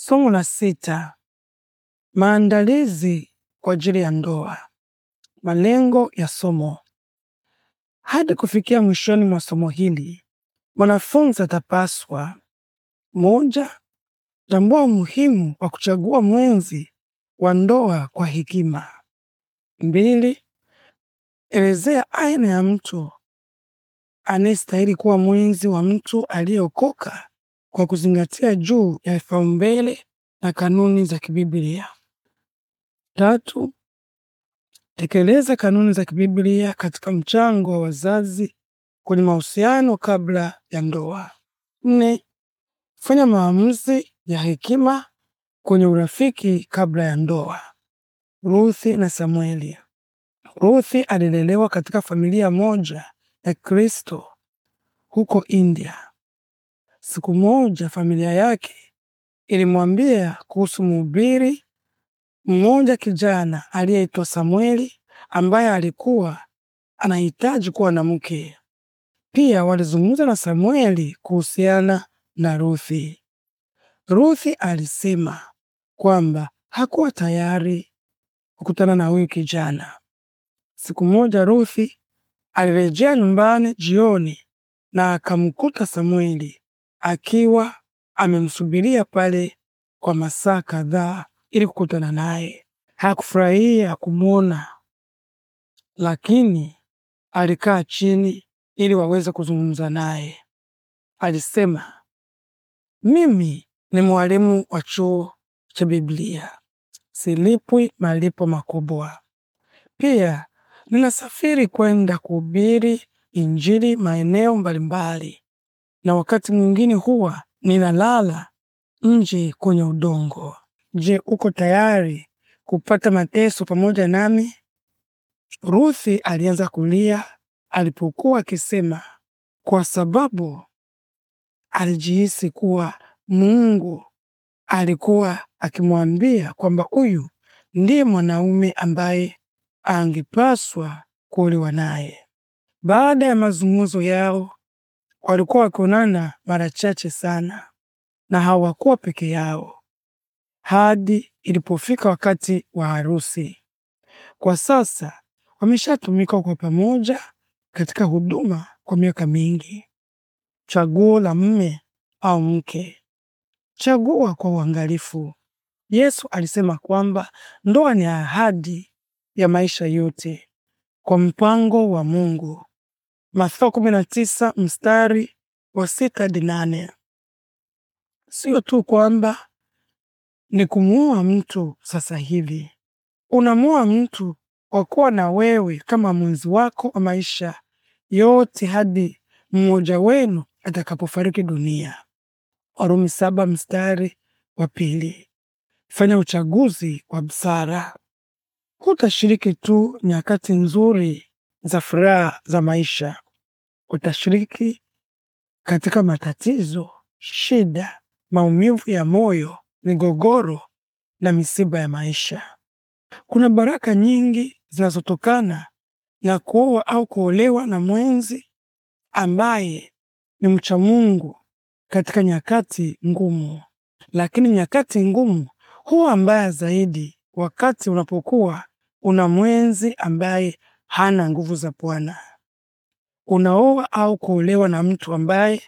Somo la sita: maandalizi kwa ajili ya ndoa. Malengo ya somo: hadi kufikia mwishoni mwa somo hili, mwanafunzi atapaswa: moja, tambua umuhimu wa kuchagua mwenzi wa ndoa kwa hekima. Mbili, elezea aina ya mtu anayestahili kuwa mwenzi wa mtu aliyeokoka kwa kuzingatia juu ya vipaumbele na kanuni za kibiblia. Tatu, tekeleza kanuni za kibiblia katika mchango wa wazazi kwenye mahusiano kabla ya ndoa. Nne, fanya maamuzi ya hekima kwenye urafiki kabla ya ndoa. Ruthi na Samueli. Ruthi alilelewa katika familia moja ya Kristo huko India. Siku moja familia yake ilimwambia kuhusu mhubiri mmoja kijana aliyeitwa Samueli ambaye alikuwa anahitaji kuwa na mke. Pia walizungumza na Samueli kuhusiana na Ruthi. Ruthi alisema kwamba hakuwa tayari kukutana na huyu kijana. Siku moja Ruthi alirejea nyumbani jioni na akamkuta Samueli akiwa amemsubiria pale kwa masaa kadhaa ili kukutana naye. Hakufurahia kumwona, lakini alikaa chini ili waweze kuzungumza naye. Alisema, mimi ni mwalimu wa chuo cha Biblia, silipwi malipo makubwa. Pia ninasafiri kwenda kuhubiri Injili maeneo mbalimbali na wakati mwingine huwa ninalala nje kwenye udongo. Je, uko tayari kupata mateso pamoja nami? Ruthi alianza kulia alipokuwa akisema, kwa sababu alijihisi kuwa Mungu alikuwa akimwambia kwamba huyu ndiye mwanaume ambaye angepaswa kuolewa naye. Baada ya mazungumzo yao, walikuwa wakionana mara chache sana na hawakuwa peke yao hadi ilipofika wakati wa harusi. Kwa sasa wameshatumika kwa pamoja katika huduma kwa miaka mingi. Chaguo la mme au mke. Chagua kwa uangalifu. Yesu alisema kwamba ndoa ni ahadi ya maisha yote kwa mpango wa Mungu. Mathayo kumi na tisa mstari wa sita hadi nane. Sio tu kwamba ni kumuua mtu sasa hivi, unamuua mtu kwa kuwa na wewe kama mwenzi wako wa maisha yote hadi mmoja wenu atakapofariki dunia. Warumi saba mstari wa pili. Fanya uchaguzi wa busara. Hutashiriki tu nyakati nzuri za furaha za maisha. Utashiriki katika matatizo, shida, maumivu ya moyo, migogoro na misiba ya maisha. Kuna baraka nyingi zinazotokana na kuoa au kuolewa na mwenzi ambaye ni mcha Mungu katika nyakati ngumu. Lakini nyakati ngumu huwa mbaya zaidi wakati unapokuwa una mwenzi ambaye hana nguvu za Bwana. Unaoa au kuolewa na mtu ambaye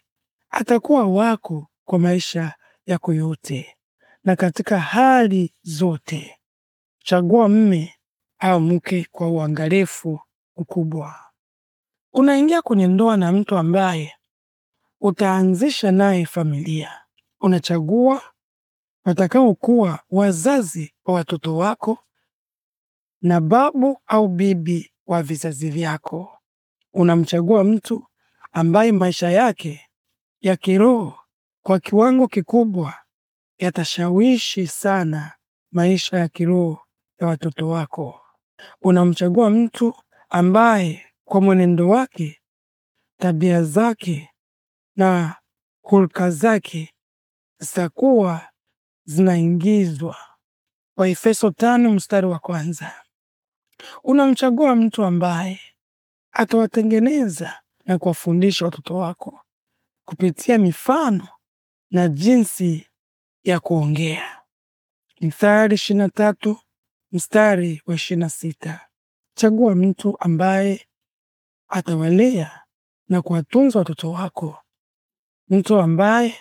atakuwa wako kwa maisha yako yote na katika hali zote. Chagua mme au mke kwa uangalifu mkubwa. Unaingia kwenye ndoa na mtu ambaye utaanzisha naye familia. Unachagua watakaokuwa wazazi wa watoto wako na babu au bibi wa vizazi vyako. Unamchagua mtu ambaye maisha yake ya kiroho kwa kiwango kikubwa yatashawishi sana maisha ya kiroho ya watoto wako. Unamchagua mtu ambaye kwa mwenendo wake, tabia zake na hulka zake zitakuwa zinaingizwa. Waefeso tano mstari wa kwanza. Unamchagua mtu ambaye atawatengeneza na kuwafundisha watoto wako kupitia mifano na jinsi ya kuongea. Mithali ishirini tatu mstari wa ishirini sita. Chagua mtu ambaye atawalea na kuwatunza watoto wako, mtu ambaye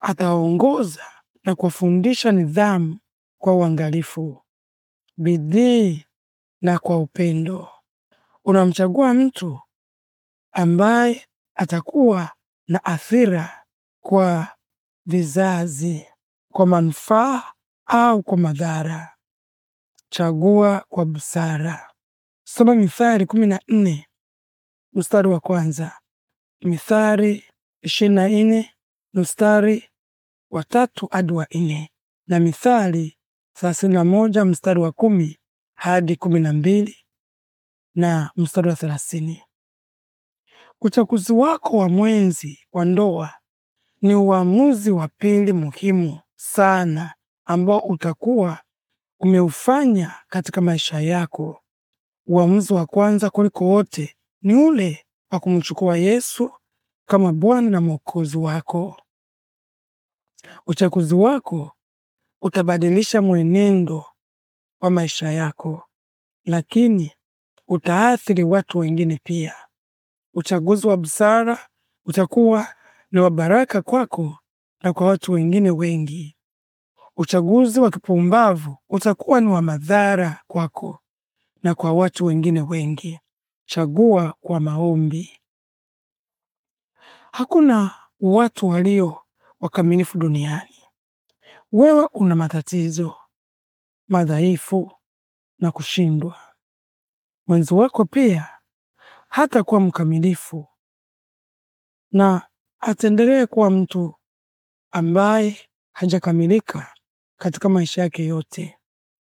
atawaongoza na kuwafundisha nidhamu kwa uangalifu, bidii na kwa upendo. Unamchagua mtu ambaye atakuwa na athira kwa vizazi, kwa manufaa au kwa madhara. Chagua kwa busara. Soma Mithali kumi na nne mstari wa kwanza, Mithali 24 na nne mstari wa tatu hadi wa nne na Mithali 31 na moja mstari wa kumi hadi kumi na mbili na mstari wa thelathini. Uchaguzi wako wa mwenzi wa ndoa ni uamuzi wa pili muhimu sana ambao utakuwa umeufanya katika maisha yako. Uamuzi wa kwanza kuliko wote ni ule wa kumchukua Yesu kama Bwana na Mwokozi wako. Uchaguzi wako utabadilisha mwenendo kwa maisha yako, lakini utaathiri watu wengine pia. Uchaguzi wa busara utakuwa ni wa baraka kwako na kwa watu wengine wengi. Uchaguzi wa kipumbavu utakuwa ni wa madhara kwako na kwa watu wengine wengi. Chagua kwa maombi. Hakuna watu walio wakamilifu duniani. Wewe una matatizo, madhaifu na kushindwa. Mwenzi wako pia hatakuwa mkamilifu na atendelee kuwa mtu ambaye hajakamilika katika maisha yake yote.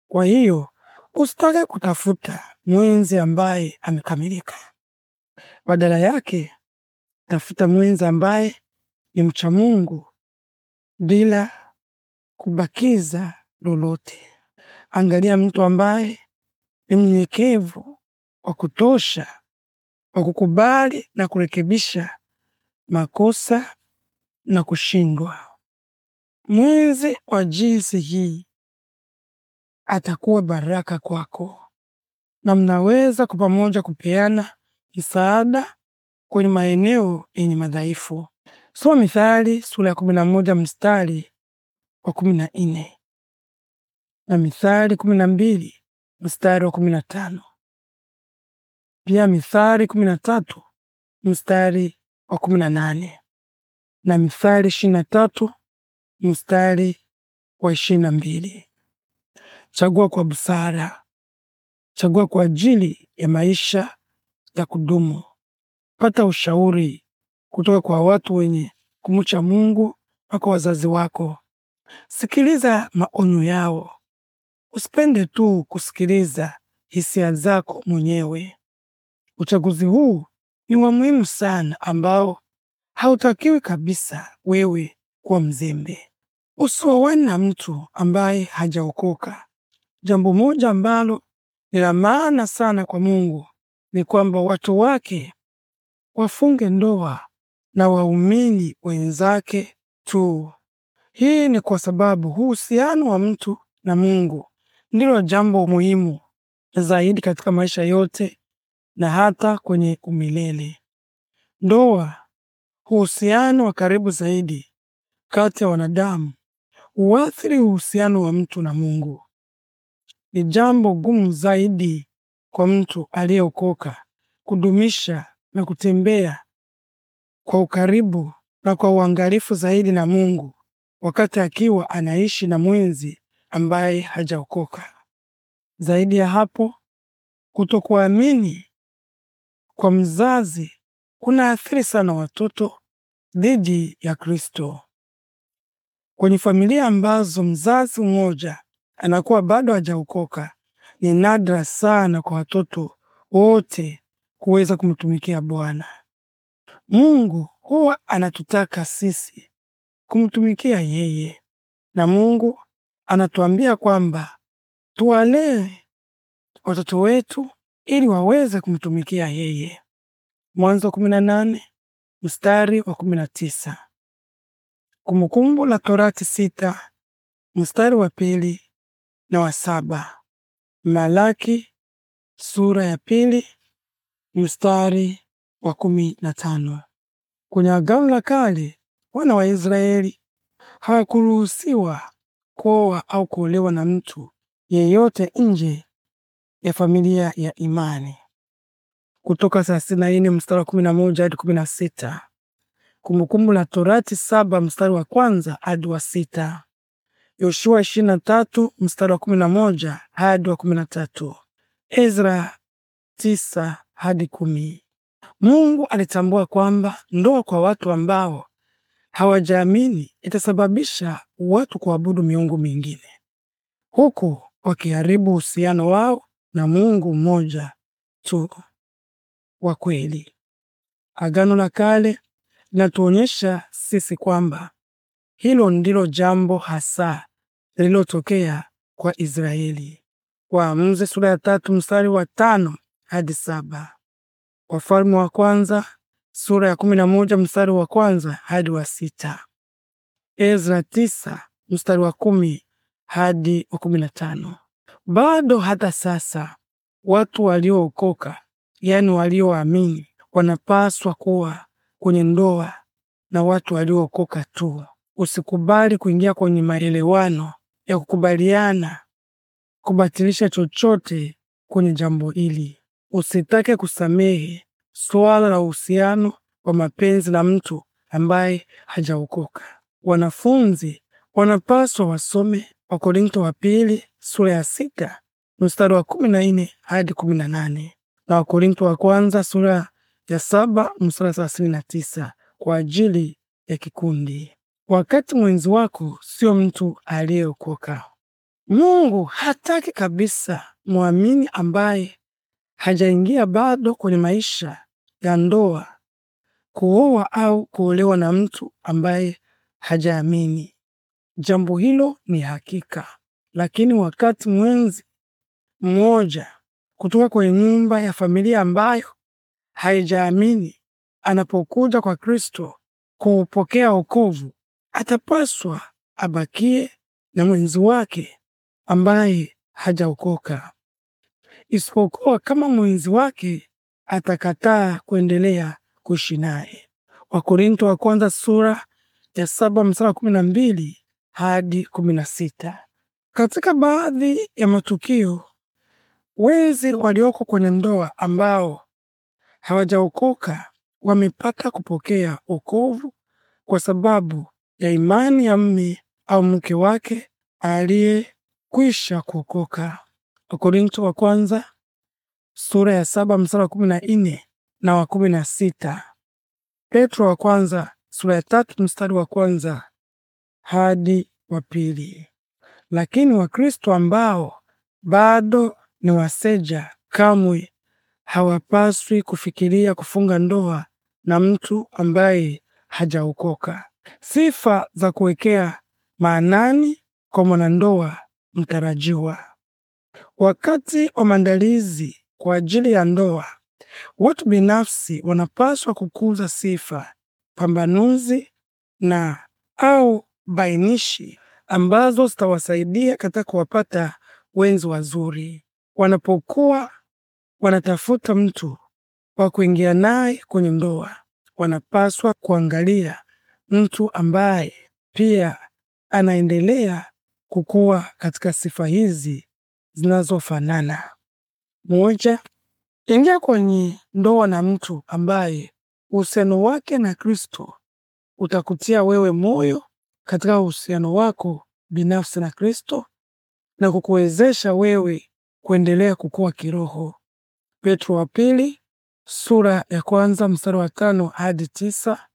Kwa hiyo usitake kutafuta mwenzi ambaye amekamilika. Badala yake tafuta mwenzi ambaye ni mcha Mungu bila kubakiza lolote angalia mtu ambaye ni mnyenyekevu wa kutosha wa kukubali na kurekebisha makosa na kushindwa. Mwenzi wa jinsi hii atakuwa baraka kwako na mnaweza kwa pamoja kupeana msaada kwenye maeneo yenye madhaifu. Soma Mithali sura ya kumi na moja mstari wa kumi na nne na Mithali kumi na mbili mstari wa kumi na tano pia Mithali kumi na tatu mstari wa kumi na nane na Mithali ishirini na tatu mstari wa ishirini na mbili. Chagua kwa busara, chagua kwa ajili ya maisha ya kudumu. Pata ushauri kutoka kwa watu wenye kumucha Mungu, mpaka wazazi wako. Sikiliza maonyo yao Usipende tu kusikiliza hisia zako mwenyewe. Uchaguzi huu ni wa muhimu sana, ambao hautakiwi kabisa wewe kuwa mzembe. Usioane na mtu ambaye hajaokoka. Jambo moja ambalo ni la maana sana kwa Mungu ni kwamba watu wake wafunge ndoa na waumini wenzake tu. Hii ni kwa sababu uhusiano wa mtu na Mungu ndilo jambo muhimu zaidi katika maisha yote na hata kwenye umilele. Ndoa, uhusiano wa karibu zaidi kati ya wanadamu, huathiri uhusiano wa mtu na Mungu. Ni jambo gumu zaidi kwa mtu aliyeokoka kudumisha na kutembea kwa ukaribu na kwa uangalifu zaidi na Mungu wakati akiwa anaishi na mwenzi ambaye hajaokoka. Zaidi ya hapo, kutokuamini kwa mzazi kuna athiri sana watoto dhidi ya Kristo. Kwenye familia ambazo mzazi mmoja anakuwa bado hajaokoka, ni nadra sana kwa watoto wote kuweza kumtumikia Bwana. Mungu huwa anatutaka sisi kumtumikia yeye, na Mungu anatuambia kwamba tuwalee watoto wetu ili waweze kumtumikia yeye. Mwanzo 18 mstari wa 19. Kumbukumbu la Torati sita mstari wa pili na wa saba. Malaki sura ya pili mstari wa kumi na tano. Kwenye Agano la Kale wana wa Israeli hawakuruhusiwa kuoa au kuolewa na mtu yeyote nje ya familia ya imani. Kutoka thelathini na mstari wa kumi na moja hadi kumi na sita. Kumbukumbu la Torati saba mstari wa kwanza hadi wa sita. Yoshua ishirini na tatu mstari wa kumi na moja hadi wa kumi na tatu. Ezra tisa hadi kumi. Mungu alitambua kwamba ndoa kwa watu ambao hawajaamini itasababisha watu kuabudu miungu mingine, huku wakiharibu uhusiano wao na Mungu mmoja tu wa kweli. Agano la Kale linatuonyesha sisi kwamba hilo ndilo jambo hasa lililotokea kwa Israeli. Waamuzi sura ya tatu mstari wa tano hadi saba Wafalme wa kwanza sura ya kumi na moja mstari wa kwanza hadi wa sita Ezra tisa mstari wa kumi hadi wa kumi na tano Bado hata sasa watu waliookoka, yaani walioamini, wanapaswa kuwa kwenye ndoa na watu waliookoka tu. Usikubali kuingia kwenye maelewano ya kukubaliana kubatilisha chochote kwenye jambo hili. Usitake kusamehe swala la uhusiano wa mapenzi na mtu ambaye hajaokoka. Wanafunzi wanapaswa wasome Wakorinto wa pili sura ya sita mstari wa kumi na nne hadi kumi na nane na Wakorinto wa kwanza sura ya saba mstari wa thelathini na tisa kwa ajili ya kikundi. Wakati mwenzi wako sio mtu aliyeokoka, Mungu hataki kabisa mwamini ambaye hajaingia bado kwenye maisha ya ndoa, kuoa au kuolewa na mtu ambaye hajaamini. Jambo hilo ni hakika. Lakini wakati mwenzi mmoja kutoka kwenye nyumba ya familia ambayo haijaamini anapokuja kwa Kristo kuupokea wokovu, atapaswa abakie na mwenzi wake ambaye hajaokoka isipokuwa kama mwenzi wake atakataa kuendelea kuishi naye. Wakorinto wa kwanza sura ya saba mstari wa kumi na mbili hadi kumi na sita. Katika baadhi ya matukio wezi walioko kwenye ndoa ambao hawajaokoka wamepata kupokea wokovu kwa sababu ya imani ya mme au mke wake aliyekwisha kuokoka. Wakorintho wa kwanza sura ya saba mstari wa kumi na nne na wa kumi na sita Petro wa kwanza sura ya tatu mstari wa kwanza hadi wa pili. Lakini Wakristo ambao bado ni waseja kamwe hawapaswi kufikiria kufunga ndoa na mtu ambaye hajaokoka. Sifa za kuwekea maanani kwa mwanandoa mtarajiwa. Wakati wa maandalizi kwa ajili ya ndoa, watu binafsi wanapaswa kukuza sifa, pambanuzi na au bainishi ambazo zitawasaidia katika kuwapata wenzi wazuri wanapokuwa wanatafuta mtu wa kuingia naye kwenye ndoa, wanapaswa kuangalia mtu ambaye pia anaendelea kukua katika sifa hizi zinazofanana. Moja, ingia kwenye ndoa na mtu ambaye uhusiano wake na Kristo utakutia wewe moyo katika uhusiano wako binafsi na Kristo na kukuwezesha wewe kuendelea kukua kiroho. Petro wa pili sura ya kwanza mstari wa tano hadi tisa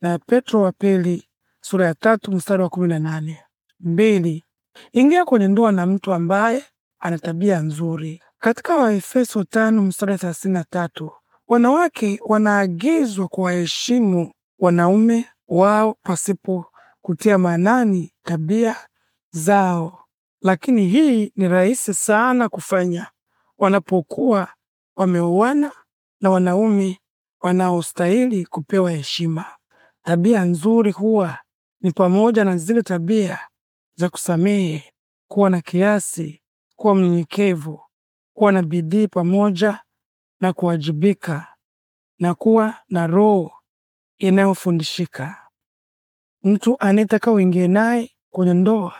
na Petro wa pili sura ya tatu mstari wa kumi na nane. Mbili, ingia kwenye ndoa na mtu ambaye ana tabia nzuri. Katika Waefeso tano mstari thelathini na tatu wanawake wanaagizwa kuwaheshimu wanaume wao pasipo kutia maanani tabia zao, lakini hii ni rahisi sana kufanya wanapokuwa wameoana na wanaume wanaostahili kupewa heshima. Tabia nzuri huwa ni pamoja na zile tabia za kusamehe, kuwa na kiasi kuwa mnyenyekevu, kuwa na bidii pamoja na kuwajibika na kuwa na roho inayofundishika. Mtu anayetaka uingie naye kwenye ndoa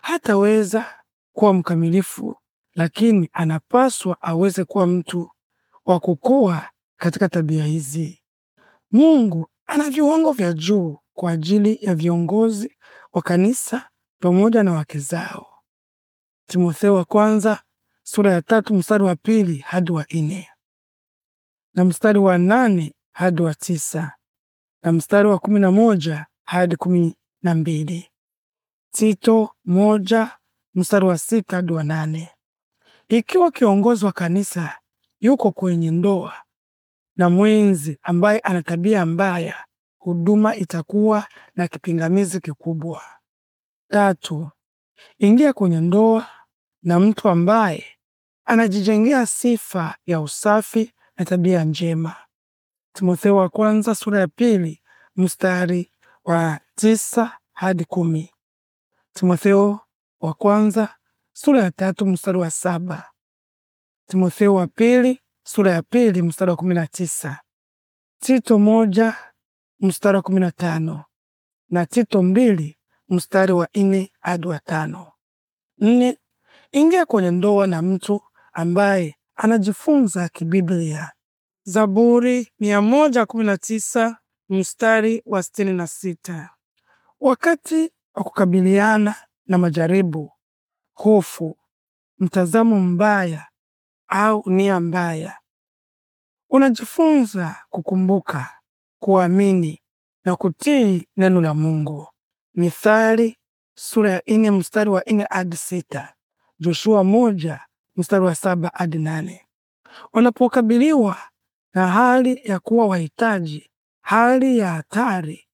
hataweza kuwa mkamilifu, lakini anapaswa aweze kuwa mtu wa kukua katika tabia hizi. Mungu ana viwango vya juu kwa ajili ya viongozi wa kanisa pamoja na wake zao. Timotheo wa kwanza sura ya tatu mstari wa pili hadi wa nne na mstari wa nane hadi wa tisa na mstari wa kumi na moja hadi kumi na mbili Tito moja mstari wa sita hadi wa nane Ikiwa kiongozi wa kanisa yuko kwenye ndoa na mwenzi ambaye ana tabia mbaya, huduma itakuwa na kipingamizi kikubwa. Tatu, Ingia kwenye ndoa na mtu ambaye anajijengea sifa ya usafi na tabia njema. Timotheo wa kwanza sura ya pili mstari wa tisa hadi kumi. Timotheo wa kwanza sura ya tatu mstari wa saba. Timotheo wa pili sura ya pili mstari wa kumi na tisa. Tito moja mstari wa kumi na tano na Tito mbili mstari wa nne hadi wa tano. Nne, ingia kwenye ndoa na mtu ambaye anajifunza kibiblia. Zaburi 119 mstari wa 66. Wakati wa kukabiliana na majaribu, hofu, mtazamo mbaya au nia mbaya, unajifunza kukumbuka, kuamini na kutii neno la Mungu. Mithali sura ya nne mstari wa nne hadi sita, Joshua moja mstari wa saba hadi nane. Wanapokabiliwa na hali ya kuwa wahitaji, hali ya hatari,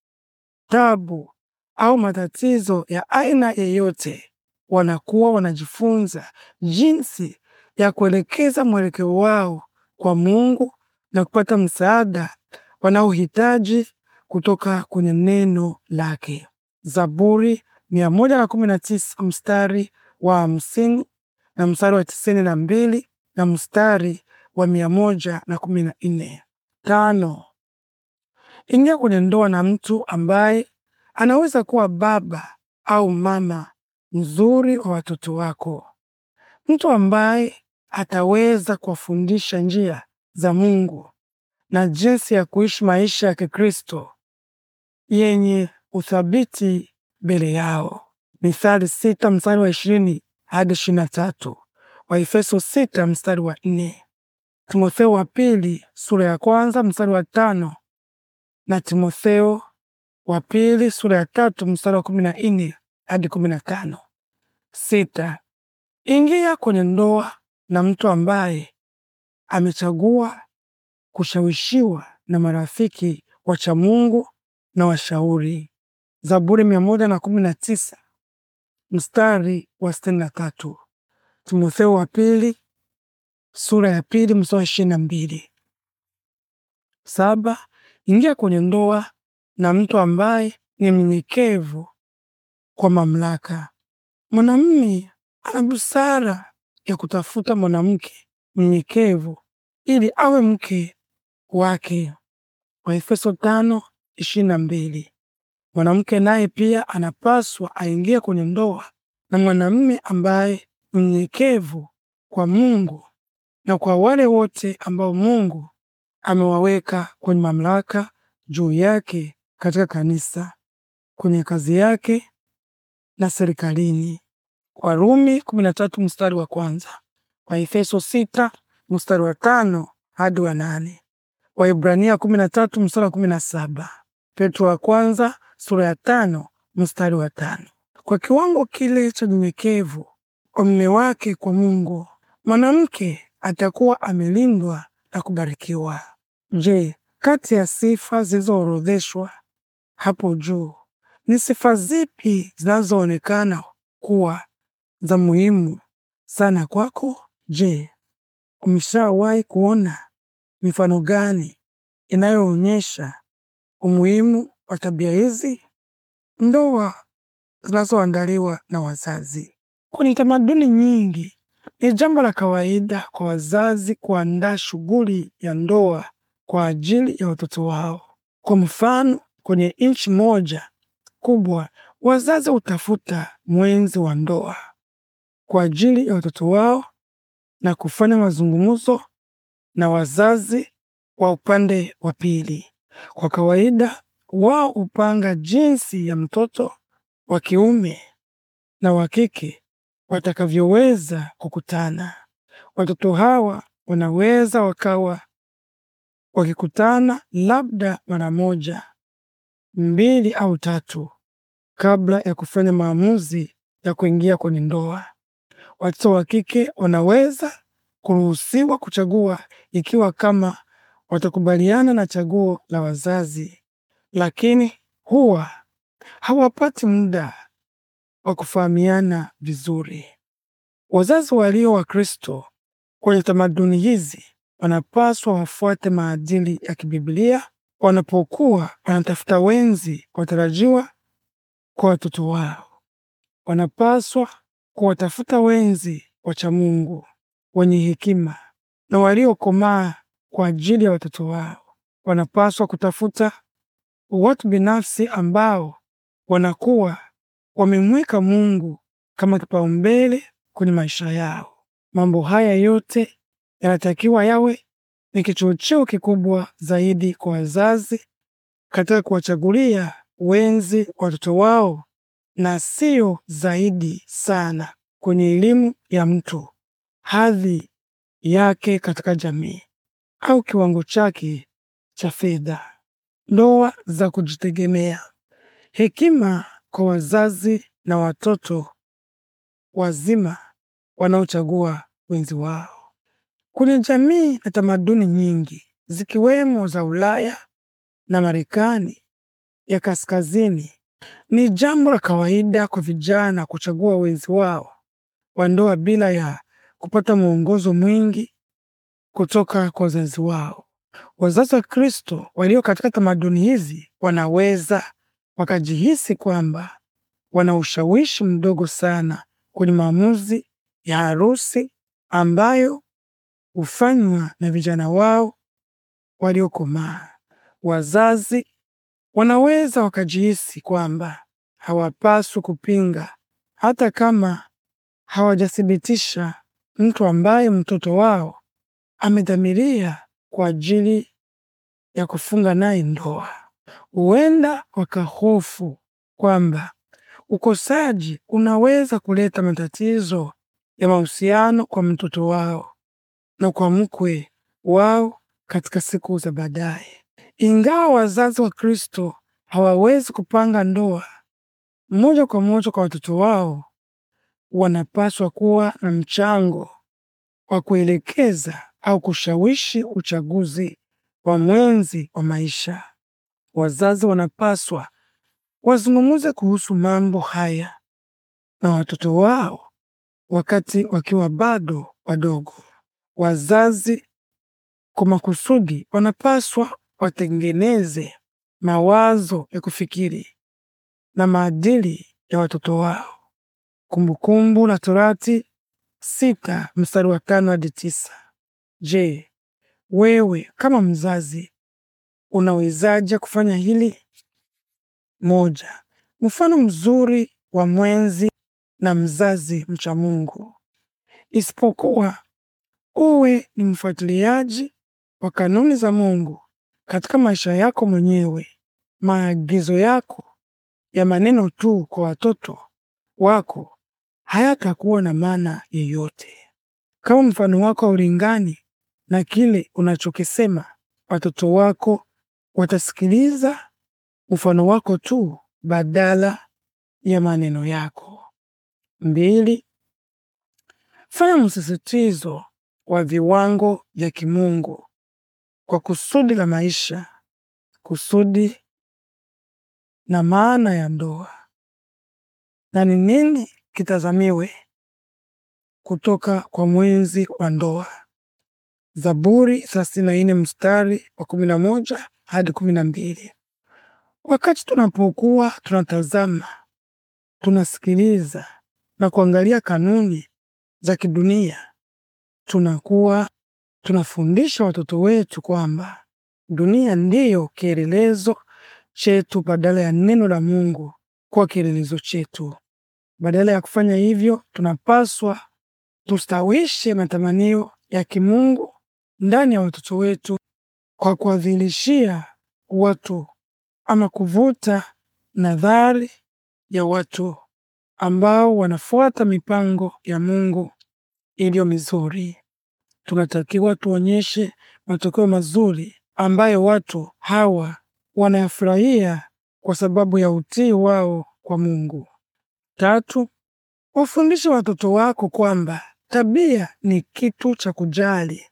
tabu au matatizo ya aina yeyote, wanakuwa wanajifunza jinsi ya kuelekeza mwelekeo wao kwa Mungu na kupata msaada wanaohitaji kutoka kwenye neno lake. Zaburi mia moja na kumi na tisa mstari wa hamsini na mstari wa tisini na mbili na mstari wa mia moja na kumi na nne. Tano, ingia kwenye ndoa na mtu ambaye anaweza kuwa baba au mama mzuri wa watoto wako, mtu ambaye ataweza kuwafundisha njia za Mungu na jinsi ya kuishi maisha ya Kikristo yenye uthabiti mbele yao. Mithali sita mstari wa ishirini hadi ishirini na tatu Waefeso sita mstari wa nne Timotheo wa pili sura ya kwanza mstari wa tano na Timotheo wa pili sura ya tatu mstari wa kumi na nne hadi kumi na tano. Sita, ingia kwenye ndoa na mtu ambaye amechagua kushawishiwa na marafiki wacha Mungu na washauri. Zaburi mia moja na kumi na tisa mstari wa sitini na tatu Timotheo wa pili sura ya pili mstari wa ishirini na mbili Saba, ingia kwenye ndoa na mtu ambaye ni mnyenyekevu kwa mamlaka. Mwanamume ana busara ya kutafuta mwanamke mnyenyekevu ili awe mke wake. Waefeso tano ishirini na mbili. Mwanamke naye pia anapaswa aingie kwenye ndoa na mwanamume ambaye mnyenyekevu kwa Mungu na kwa wale wote ambao Mungu amewaweka kwenye mamlaka juu yake katika kanisa, kwenye kazi yake na serikalini. Warumi 13 mstari wa kwanza, Waefeso 6 mstari wa tano hadi wa nane, Waibrania 13 mstari wa 17, Petro wa kwanza sura ya tano mstari wa tano. Kwa kiwango kile cha unyenyekevu kwa mume wake kwa Mungu, mwanamke atakuwa amelindwa na kubarikiwa. Je, kati ya sifa zilizoorodheshwa hapo juu ni sifa zipi zinazoonekana kuwa za muhimu sana kwako? Je, umeshawahi kuona mifano gani inayoonyesha umuhimu wa tabia hizi, ndoa zinazoandaliwa na wazazi. Kwenye tamaduni nyingi, ni jambo la kawaida kwa wazazi kuandaa shughuli ya ndoa kwa ajili ya watoto wao. Kwa mfano, kwenye nchi moja kubwa, wazazi hutafuta mwenzi wa ndoa kwa ajili ya watoto wao na kufanya mazungumzo na wazazi wa upande wa pili. Kwa kawaida, wao hupanga jinsi ya mtoto wa kiume na wa kike watakavyoweza kukutana. Watoto hawa wanaweza wakawa wakikutana labda mara moja, mbili au tatu kabla ya kufanya maamuzi ya kuingia kwenye ndoa. Watoto wa kike wanaweza kuruhusiwa kuchagua ikiwa kama watakubaliana na chaguo la wazazi lakini huwa hawapati muda wa kufahamiana vizuri. Wazazi walio Wakristo kwenye tamaduni hizi wanapaswa wafuate maadili ya kibiblia wanapokuwa wanatafuta wenzi watarajiwa kwa watoto wao. Wanapaswa kuwatafuta wenzi wacha Mungu, wenye hekima na waliokomaa kwa ajili ya watoto wao. Wanapaswa kutafuta watu binafsi ambao wanakuwa wamemweka Mungu kama kipaumbele kwenye maisha yao. Mambo haya yote yanatakiwa yawe ni kichocheo kikubwa zaidi kwa wazazi katika kuwachagulia wenzi watoto wao na siyo zaidi sana kwenye elimu ya mtu, hadhi yake katika jamii au kiwango chake cha fedha. Ndoa za kujitegemea. Hekima kwa wazazi na watoto wazima wanaochagua wenzi wao. Kuna jamii na tamaduni nyingi zikiwemo za Ulaya na Marekani ya kaskazini, ni jambo la kawaida kwa vijana kuchagua wenzi wao wa ndoa bila ya kupata mwongozo mwingi kutoka kwa wazazi wao. Wazazi wa Kristo walio katika tamaduni hizi wanaweza wakajihisi kwamba wana ushawishi mdogo sana kwenye maamuzi ya harusi ambayo hufanywa na vijana wao waliokomaa. Wazazi wanaweza wakajihisi kwamba hawapaswi kupinga hata kama hawajathibitisha mtu ambaye mtoto wao amedhamiria kwa ajili ya kufunga naye ndoa. Huenda wakahofu kwamba ukosaji unaweza kuleta matatizo ya mahusiano kwa mtoto wao na kwa mkwe wao katika siku za baadaye. Ingawa wazazi wa Kristo hawawezi kupanga ndoa moja kwa moja kwa watoto wao, wanapaswa kuwa na mchango wa kuelekeza au kushawishi uchaguzi wa mwenzi wa maisha. Wazazi wanapaswa wazungumuze kuhusu mambo haya na watoto wao wakati wakiwa bado wadogo. Wazazi kwa makusudi wanapaswa watengeneze mawazo ya kufikiri na maadili ya watoto wao. Kumbukumbu la Torati sita mstari wa tano hadi tisa. Je, wewe kama mzazi unawezaje kufanya hili? Moja, mfano mzuri wa mwenzi na mzazi mcha Mungu. Isipokuwa uwe ni mfuatiliaji wa kanuni za Mungu katika maisha yako mwenyewe. Maagizo yako ya maneno tu kwa watoto wako hayatakuwa na maana yeyote, kama mfano wako haulingani na kile unachokisema, watoto wako watasikiliza mfano wako tu badala ya maneno yako. Mbili, fanya msisitizo wa viwango vya kimungu kwa kusudi la maisha, kusudi na maana ya ndoa na ni nini kitazamiwe kutoka kwa mwenzi wa ndoa. Zaburi thelathini mstari wa kumi moja hadi 12 mbili. Wakati tunapokuwa tunatazama, tunasikiliza na kuangalia kanuni za kidunia, tunakuwa tunafundisha watoto wetu kwamba dunia ndiyo kielelezo chetu badala ya neno la Mungu kuwa kielelezo chetu. Badala ya kufanya hivyo, tunapaswa tustawishe matamanio ya kimungu ndani ya watoto wetu kwa kuwadhilishia watu ama kuvuta nadhari ya watu ambao wanafuata mipango ya Mungu iliyo mizuri. Tunatakiwa tuonyeshe matokeo mazuri ambayo watu hawa wanayafurahia kwa sababu ya utii wao kwa Mungu. Tatu, wafundishe watoto wako kwamba tabia ni kitu cha kujali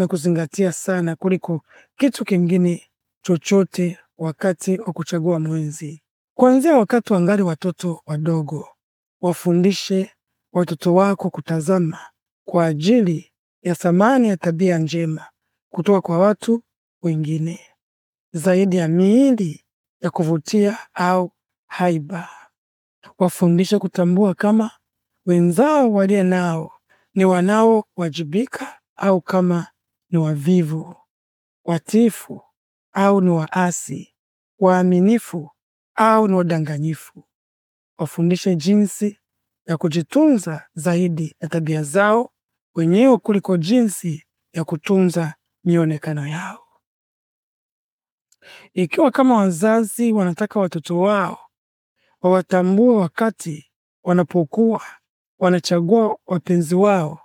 na kuzingatia sana kuliko kitu kingine chochote wakati wa kuchagua mwenzi. Kuanzia wakati wangali watoto wadogo, wafundishe watoto wako kutazama kwa ajili ya thamani ya tabia njema kutoka kwa watu wengine zaidi ya miili ya kuvutia au haiba. Wafundishe kutambua kama wenzao walio nao ni wanaowajibika au kama ni wavivu, watifu au ni waasi, waaminifu au ni wadanganyifu. Wafundishe jinsi ya kujitunza zaidi ya tabia zao wenyewe kuliko jinsi ya kutunza mionekano yao. Ikiwa kama wazazi wanataka watoto wao wawatambue wakati wanapokuwa wanachagua wapenzi wao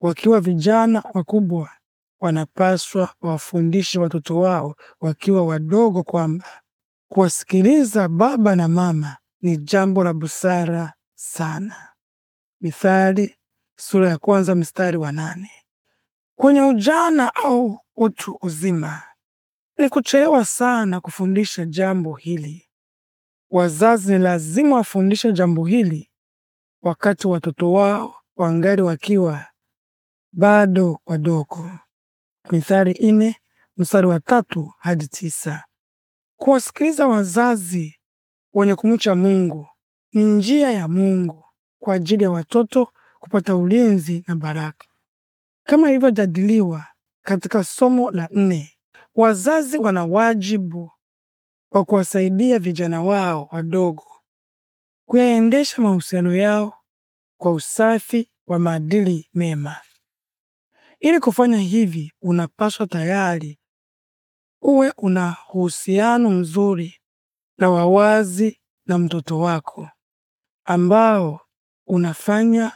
wakiwa vijana wakubwa, wanapaswa wafundishe watoto wao wakiwa wadogo kwamba kuwasikiliza baba na mama ni jambo la busara sana. Mithali sura ya kwanza mstari wa nane. Kwenye ujana au utu uzima ni kuchelewa sana kufundisha jambo hili. Wazazi ni lazima wafundishe jambo hili wakati watoto wao wangali wakiwa bado wadogo. Mithali ine mstari wa tatu hadi tisa. Kuwasikiliza wazazi wenye kumcha Mungu ni njia ya Mungu kwa ajili ya watoto kupata ulinzi na baraka. Kama ilivyojadiliwa katika somo la nne, wazazi wana wajibu wa kuwasaidia vijana wao wadogo kuyaendesha mahusiano yao kwa usafi wa maadili mema. Ili kufanya hivi, unapaswa tayari uwe una uhusiano mzuri na wawazi na mtoto wako ambao unafanya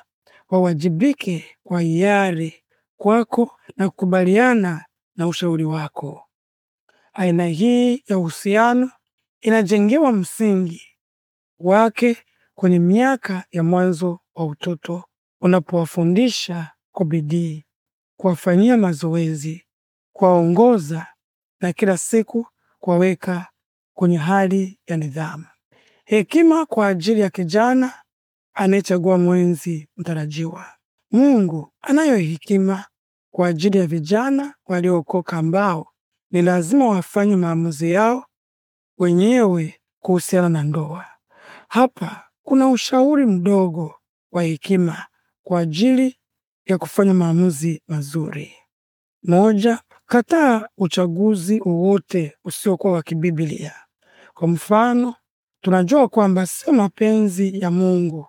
wawajibike kwa hiari kwako na kukubaliana na ushauri wako. Aina hii ya uhusiano inajengewa msingi wake kwenye miaka ya mwanzo wa utoto unapowafundisha kwa bidii kuwafanyia mazoezi, kuwaongoza na kila siku kuwaweka kwenye hali ya nidhamu. Hekima kwa ajili ya kijana anayechagua mwenzi mtarajiwa. Mungu anayo hekima kwa ajili ya vijana waliookoka ambao ni lazima wafanye maamuzi yao wenyewe kuhusiana na ndoa. Hapa kuna ushauri mdogo wa hekima kwa ajili ya kufanya maamuzi mazuri. Moja, kataa uchaguzi wowote usiokuwa wa kibiblia. Kwa mfano, tunajua kwamba sio mapenzi ya Mungu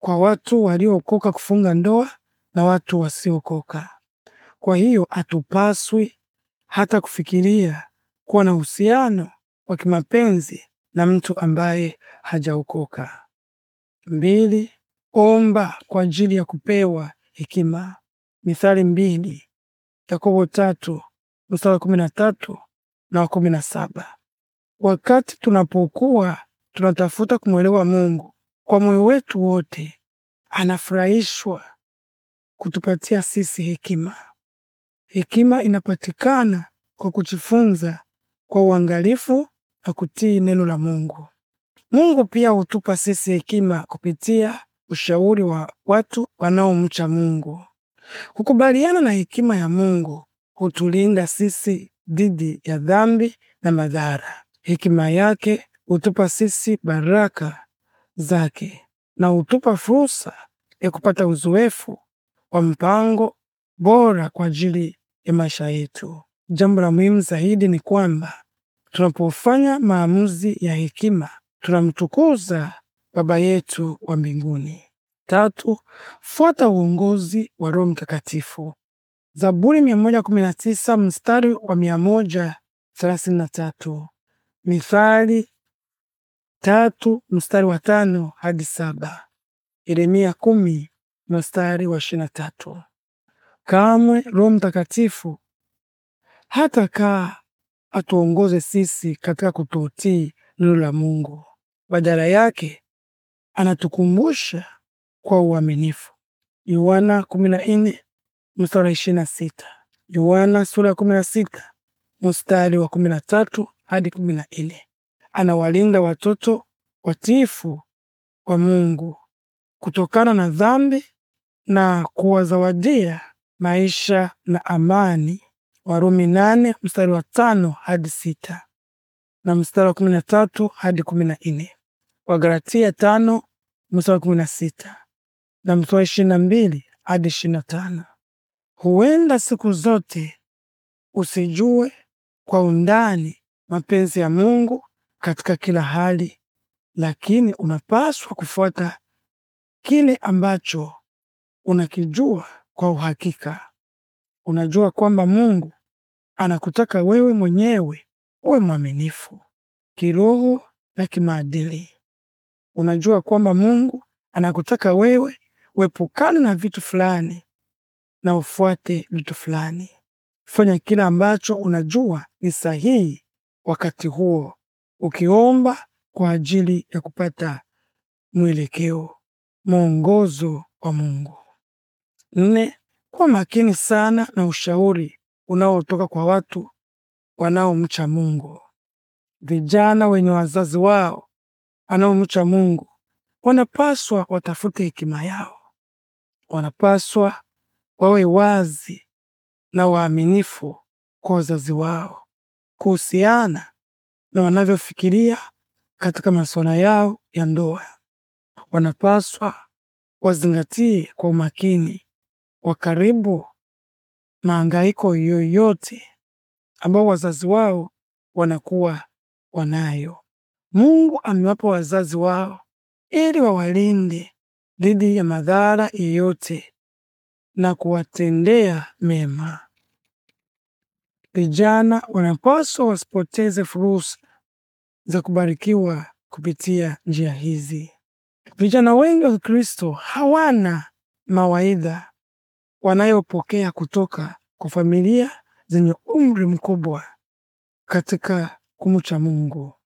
kwa watu waliookoka kufunga ndoa na watu wasiokoka. Kwa hiyo hatupaswi hata kufikiria kuwa na uhusiano wa kimapenzi na mtu ambaye hajaokoka. Mbili, omba kwa ajili ya kupewa hekima. Mithali mbili, Yakobo tatu mstari wa kumi na tatu na wa kumi na saba. Wakati tunapokuwa tunatafuta kumwelewa Mungu kwa moyo wetu wote, anafurahishwa kutupatia sisi hekima. Hekima inapatikana kwa kujifunza kwa uangalifu na kutii neno la Mungu. Mungu pia hutupa sisi hekima kupitia ushauri wa watu wanaomcha Mungu. Kukubaliana na hekima ya Mungu hutulinda sisi dhidi ya dhambi na madhara. Hekima yake hutupa sisi baraka zake na hutupa fursa ya kupata uzoefu wa mpango bora kwa ajili ya maisha yetu. Jambo la muhimu zaidi ni kwamba tunapofanya maamuzi ya hekima tunamtukuza Baba yetu wa mbinguni. Tatu, fuata uongozi wa Roho Mtakatifu. Zaburi 119 mstari wa 133, Mithali tatu mstari wa tano hadi saba, Yeremia kumi mstari wa ishirini na tatu. Kamwe Roho Mtakatifu hata kaa atuongoze sisi katika kutotii neno la Mungu. Badala yake anatukumbusha kwa uaminifu. Yohana 14 mstari 26, Yohana sura ya 16 mstari wa 13 hadi 14. Anawalinda watoto watiifu wa Mungu kutokana na dhambi na kuwazawadia maisha na amani. Warumi nane mstari wa tano hadi sita na mstari wa kumi na tatu hadi kumi na nne Wagalatia tano mstari wa kumi na sita na mstari wa ishirini na mbili hadi ishirini na tano Huenda siku zote usijue kwa undani mapenzi ya Mungu katika kila hali, lakini unapaswa kufuata kile ambacho unakijua kwa uhakika. Unajua kwamba Mungu anakutaka wewe mwenyewe uwe mwaminifu kiroho na kimaadili unajua kwamba Mungu anakutaka wewe uepukane na vitu fulani na ufuate vitu fulani. Fanya kile ambacho unajua ni sahihi wakati huo, ukiomba kwa ajili ya kupata mwelekeo, mwongozo wa Mungu. Nne, kuwa makini sana na ushauri unaotoka kwa watu wanaomcha Mungu. Vijana wenye wazazi wao anaomcha Mungu wanapaswa watafute hekima yao, wanapaswa wawe wazi na waaminifu kwa wazazi wao kuhusiana na wanavyofikiria katika masuala yao ya ndoa. Wanapaswa wazingatie kwa umakini wa karibu mahangaiko yoyote ambao wazazi wao wanakuwa wanayo. Mungu amewapa wazazi wao ili wawalinde dhidi ya madhara yoyote na kuwatendea mema. Vijana wanapaswa wasipoteze fursa za kubarikiwa kupitia njia hizi. Vijana wengi wa Kristo hawana mawaidha wanayopokea kutoka kwa familia zenye umri mkubwa katika kumcha Mungu.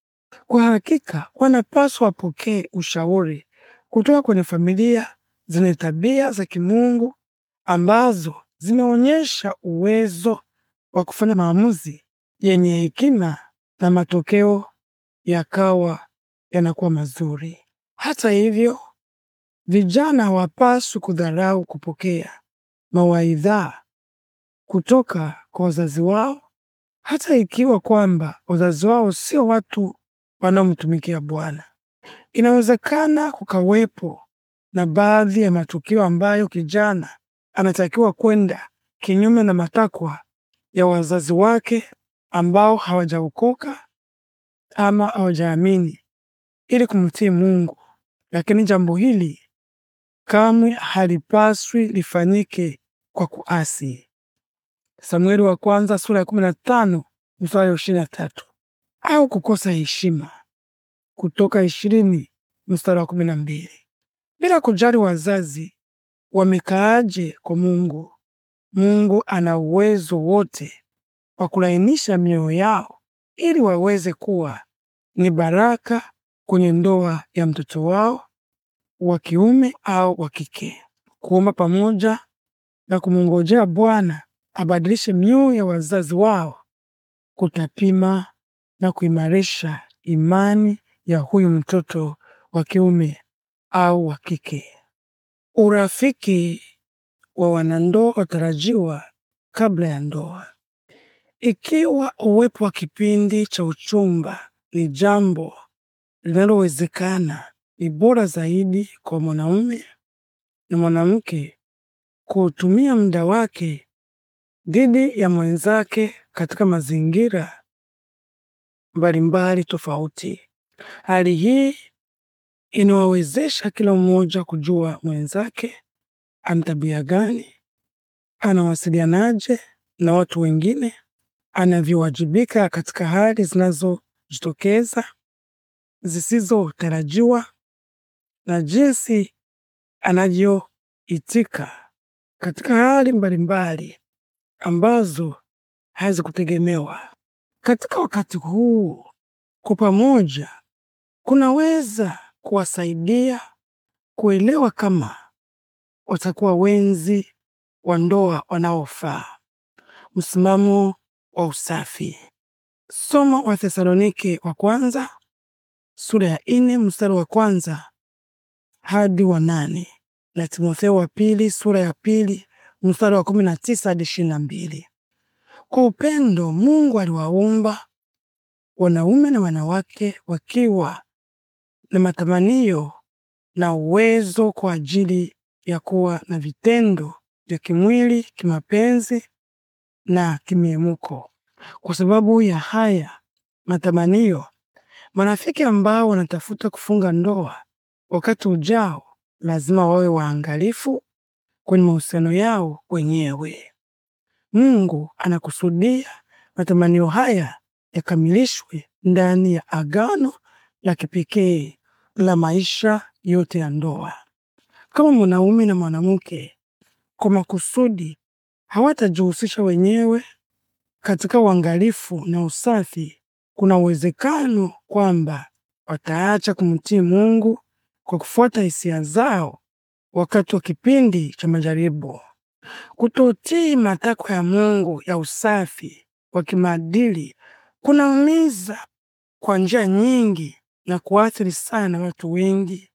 Kwa hakika wanapaswa wapokee ushauri kutoka kwenye familia zenye tabia za kimungu ambazo zimeonyesha uwezo wa kufanya maamuzi yenye hekima na matokeo yakawa yanakuwa mazuri. Hata hivyo, vijana hawapaswi kudharau kupokea mawaidha kutoka kwa wazazi wao, hata ikiwa kwamba wazazi wao sio watu wanaomtumikia Bwana. Inawezekana kukawepo na baadhi ya matukio ambayo kijana anatakiwa kwenda kinyume na matakwa ya wazazi wake ambao hawajaokoka ama hawajaamini ili kumtii Mungu, lakini jambo hili kamwe halipaswi lifanyike kwa kuasi. Samueli wa kwanza sura ya 15 mstari wa 23 au kukosa heshima kutoka ishirini mstari wa kumi na mbili bila kujali wazazi wamekaaje kwa Mungu. Mungu ana uwezo wote wa kulainisha mioyo yao ili waweze kuwa ni baraka kwenye ndoa ya mtoto wao wa kiume au wa kike. Kuomba pamoja na kumwongojea Bwana abadilishe mioyo ya wazazi wao kutapima na kuimarisha imani ya huyu mtoto wa kiume au wa kike. Urafiki wa wanandoa watarajiwa kabla ya ndoa. Ikiwa uwepo wa kipindi cha uchumba ni jambo linalowezekana, ni bora zaidi kwa mwanaume na mwanamke kuutumia muda wake dhidi ya mwenzake katika mazingira mbalimbali tofauti. Hali hii inawawezesha kila mmoja kujua mwenzake ana tabia gani, anawasilianaje na watu wengine, anavyowajibika katika hali zinazojitokeza zisizotarajiwa, na jinsi anavyoitika katika hali mbalimbali ambazo hazikutegemewa katika wakati huu kwa pamoja kunaweza kuwasaidia kuelewa kama watakuwa wenzi wa ndoa wanaofaa. Msimamo wa usafi. Somo wa Thesalonike wa kwanza sura ya nne mstari wa kwanza hadi wa nane na Timotheo wa pili sura ya pili mstari wa kumi na tisa hadi ishirini na mbili. Kwa upendo Mungu aliwaumba wanaume na wanawake wakiwa na matamanio na uwezo kwa ajili ya kuwa na vitendo vya kimwili, kimapenzi na kimiemuko. Kwa sababu ya haya matamanio, marafiki ambao wanatafuta kufunga ndoa wakati ujao lazima wawe waangalifu kwenye mahusiano yao wenyewe. Mungu anakusudia matamanio haya yakamilishwe ndani ya agano la kipekee la maisha yote ya ndoa. Kama mwanaume na mwanamke kwa makusudi hawatajihusisha wenyewe katika uangalifu na usafi, kuna uwezekano kwamba wataacha kumtii Mungu kwa kufuata hisia zao wakati wa kipindi cha majaribu. Kutotii matakwa ya Mungu ya usafi wa kimaadili kunaumiza kwa njia nyingi na kuathiri sana watu wengi,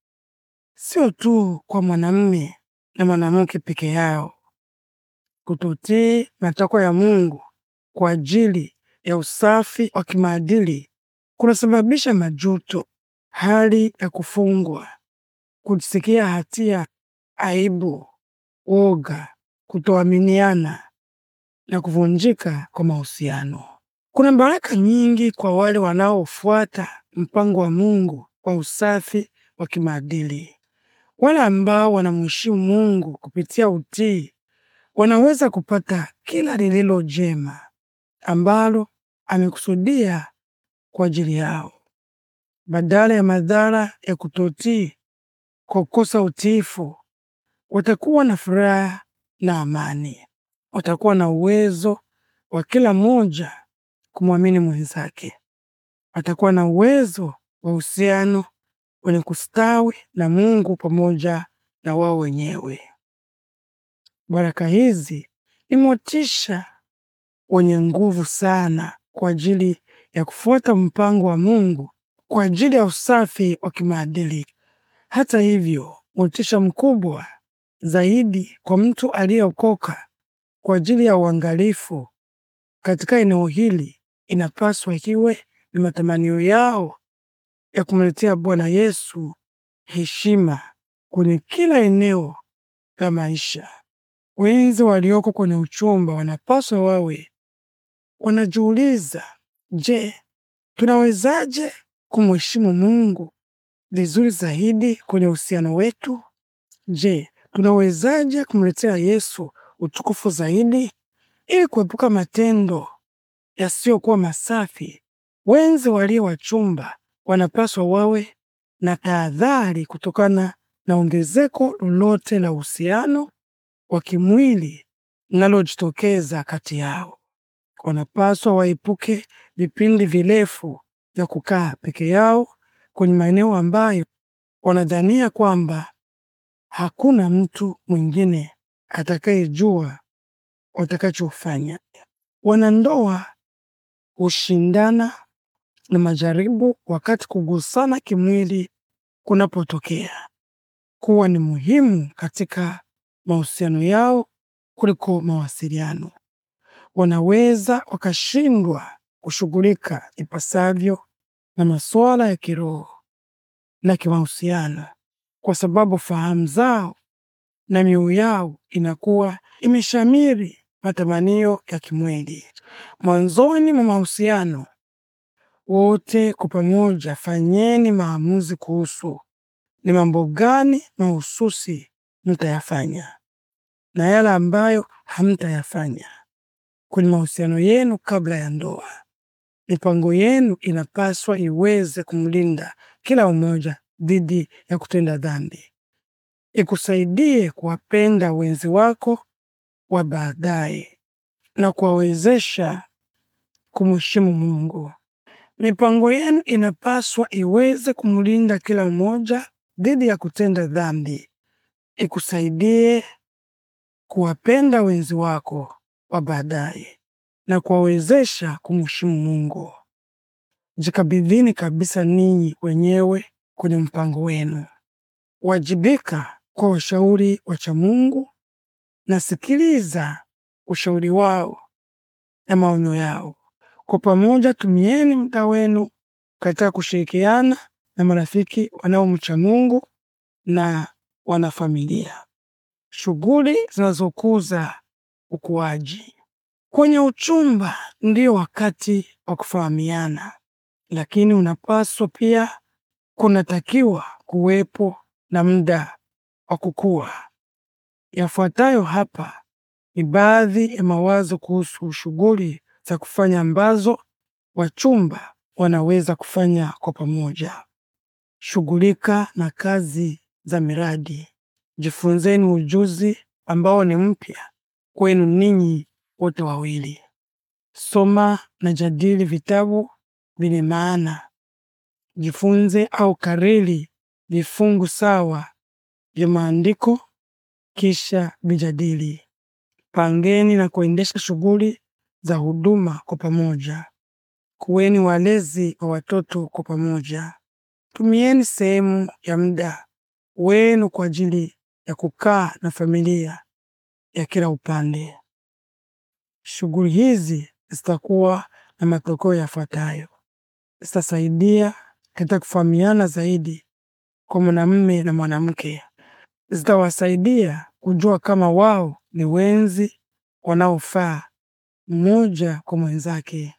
sio tu kwa mwanamume na mwanamke peke yao. Kutotii matakwa ya Mungu kwa ajili ya usafi wa kimaadili kunasababisha majuto, hali ya kufungwa, kujisikia hatia, aibu, woga kutoaminiana na kuvunjika kwa mahusiano. Kuna baraka nyingi kwa wale wanaofuata mpango wa Mungu kwa usafi wa kimaadili. Wale ambao wanamheshimu Mungu kupitia utii wanaweza kupata kila lililo jema ambalo amekusudia kwa ajili yao, badala ya madhara ya kutotii. Kwa kukosa utiifu, watakuwa na furaha na amani. Watakuwa na uwezo wa kila mmoja kumwamini mwenzake. Watakuwa na uwezo wa uhusiano wenye kustawi na Mungu pamoja na wao wenyewe. Baraka hizi ni motisha wenye nguvu sana kwa ajili ya kufuata mpango wa Mungu kwa ajili ya usafi wa kimaadili. Hata hivyo, motisha mkubwa zaidi kwa mtu aliyeokoka kwa ajili ya uangalifu katika eneo hili inapaswa ikiwe ni matamanio yao ya kumletea Bwana Yesu heshima kwenye kila eneo la maisha. Wenzi walioko kwenye uchumba wanapaswa wawe wanajiuliza, je, tunawezaje kumheshimu Mungu vizuri zaidi kwenye uhusiano wetu? Je, tunawezaje kumletea Yesu utukufu zaidi ili kuepuka matendo yasiyokuwa masafi. Wenzi walio wachumba wanapaswa wawe na tahadhari kutokana na ongezeko lolote la uhusiano wa kimwili linalojitokeza kati yao. Wanapaswa waepuke vipindi virefu vya kukaa peke yao kwenye maeneo ambayo wanadhania kwamba Hakuna mtu mwingine atakayejua watakachofanya. Wanandoa hushindana na majaribu wakati kugusana kimwili kunapotokea kuwa ni muhimu katika mahusiano yao kuliko mawasiliano. Wanaweza wakashindwa kushughulika ipasavyo na masuala ya kiroho na kimahusiano kwa sababu fahamu zao na mioyo yao inakuwa imeshamiri matamanio ya kimwili. Mwanzoni mwa mahusiano, wote kwa pamoja fanyeni maamuzi kuhusu ni mambo gani mahususi mtayafanya na yale ambayo hamtayafanya kwenye mahusiano yenu kabla ya ndoa. Mipango yenu inapaswa iweze kumlinda kila mmoja dhidi ya kutenda dhambi, ikusaidie kuwapenda wenzi wako wa baadaye na kuwawezesha kumheshimu Mungu. Mipango yenu inapaswa iweze kumlinda kila mmoja dhidi ya kutenda dhambi, ikusaidie kuwapenda wenzi wako wa baadaye na kuwawezesha kumheshimu Mungu. Jikabidhini kabisa ninyi wenyewe kwenye mpango wenu. Wajibika kwa ushauri wa mungu na sikiliza ushauri wao na maono yao. Kwa pamoja, tumieni muda wenu katika kushirikiana na marafiki wanaomcha Mungu na wanafamilia. Shughuli zinazokuza ukuaji kwenye uchumba ndio wakati wa kufahamiana, lakini unapaswa pia kunatakiwa kuwepo na muda wa kukua. Yafuatayo hapa ni baadhi ya mawazo kuhusu shughuli za kufanya ambazo wachumba wanaweza kufanya kwa pamoja. Shughulika na kazi za miradi. Jifunzeni ujuzi ambao ni mpya kwenu ninyi wote wawili. Soma na jadili vitabu vyenye maana jifunze au kariri vifungu sawa vya maandiko, kisha vijadili. Pangeni na kuendesha shughuli za huduma kwa pamoja. Kuweni walezi wa watoto kwa pamoja. Tumieni sehemu ya muda wenu kwa ajili ya kukaa na familia ya kila upande. Shughuli hizi zitakuwa na matokeo yafuatayo: zitasaidia katika kufahamiana zaidi kwa mwanamume na mwanamke, zitawasaidia kujua kama wao ni wenzi wanaofaa mmoja kwa mwenzake,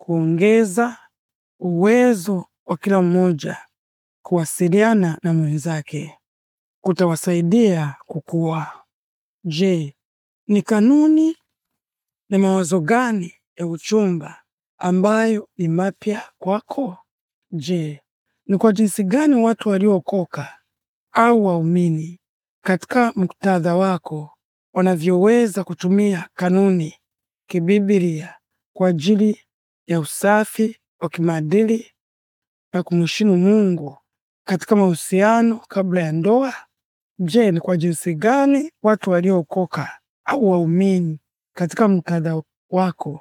kuongeza uwezo wa kila mmoja kuwasiliana na mwenzake kutawasaidia kukua. Je, ni kanuni na mawazo gani ya uchumba ambayo ni mapya kwako? Je, ni kwa jinsi gani watu waliokoka au waumini katika muktadha wako wanavyoweza kutumia kanuni kibiblia kwa ajili ya usafi wa kimaadili na kumheshimu Mungu katika mahusiano kabla ya ndoa? Je, ni kwa jinsi gani watu waliokoka au waumini katika muktadha wako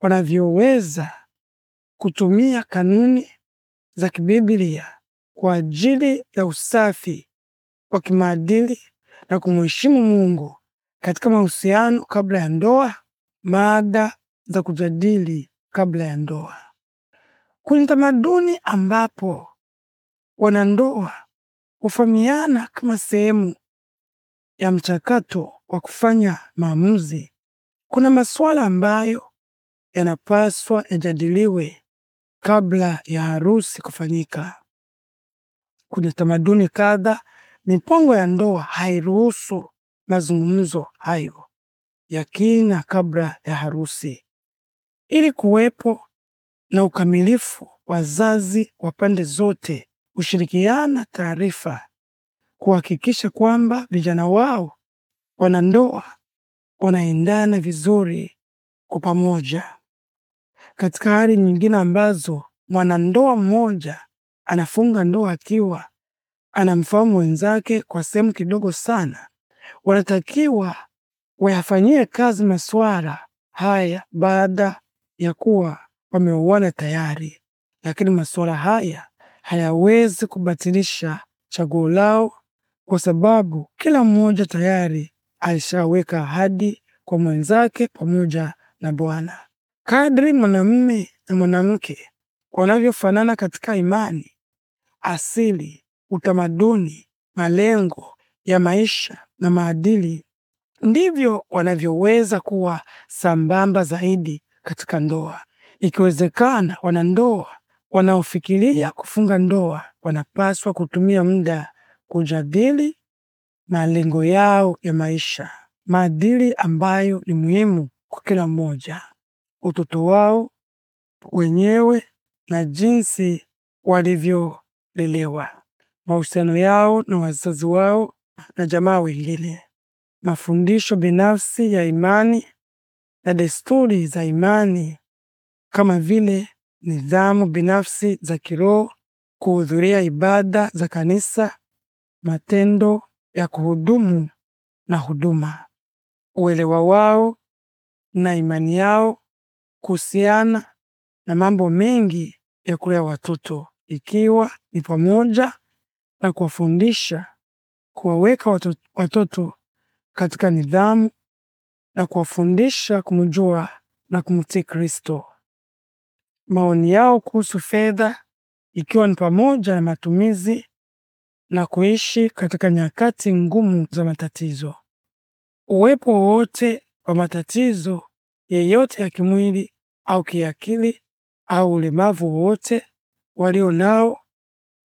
wanavyoweza kutumia kanuni za kibiblia kwa ajili ya usafi wa kimaadili na kumheshimu Mungu katika mahusiano kabla ya ndoa, mada za kujadili kabla ya ndoa. Kwenye tamaduni ambapo wanandoa hufahamiana kama sehemu ya mchakato wa kufanya maamuzi. Kuna masuala ambayo yanapaswa yajadiliwe kabla ya harusi kufanyika. Kuna tamaduni kadha, mipango ya ndoa hairuhusu mazungumzo hayo ya kina kabla ya harusi, ili kuwepo na ukamilifu. Wazazi wa pande zote hushirikiana taarifa kuhakikisha kwamba vijana wao wanandoa wanaendana vizuri kwa pamoja katika hali nyingine ambazo mwanandoa mmoja anafunga ndoa akiwa anamfahamu wenzake kwa sehemu kidogo sana, wanatakiwa wayafanyie kazi masuala haya baada ya kuwa wameoana tayari, lakini masuala haya hayawezi kubatilisha chaguo lao, kwa sababu kila mmoja tayari alishaweka ahadi kwa mwenzake pamoja na Bwana. Kadri mwanamume na mwanamke wanavyofanana katika imani, asili, utamaduni, malengo ya maisha na maadili, ndivyo wanavyoweza kuwa sambamba zaidi katika ndoa. Ikiwezekana, wanandoa wanaofikiria kufunga ndoa wanapaswa kutumia muda kujadili malengo yao ya maisha, maadili ambayo ni muhimu kwa kila mmoja utoto wao wenyewe na jinsi walivyolelewa, mahusiano yao na wazazi wao na jamaa wengine, mafundisho binafsi ya imani na desturi za imani kama vile nidhamu binafsi za kiroho, kuhudhuria ibada za kanisa, matendo ya kuhudumu na huduma. Uelewa wao na imani yao kuhusiana na mambo mengi ya kulea watoto ikiwa ni pamoja na kuwafundisha, kuwaweka watoto, watoto katika nidhamu na kuwafundisha kumjua na kumtii Kristo. Maoni yao kuhusu fedha ikiwa ni pamoja na matumizi na kuishi katika nyakati ngumu za matatizo. Uwepo wowote wa matatizo yeyote ya kimwili au kiakili au ulemavu wowote walio nao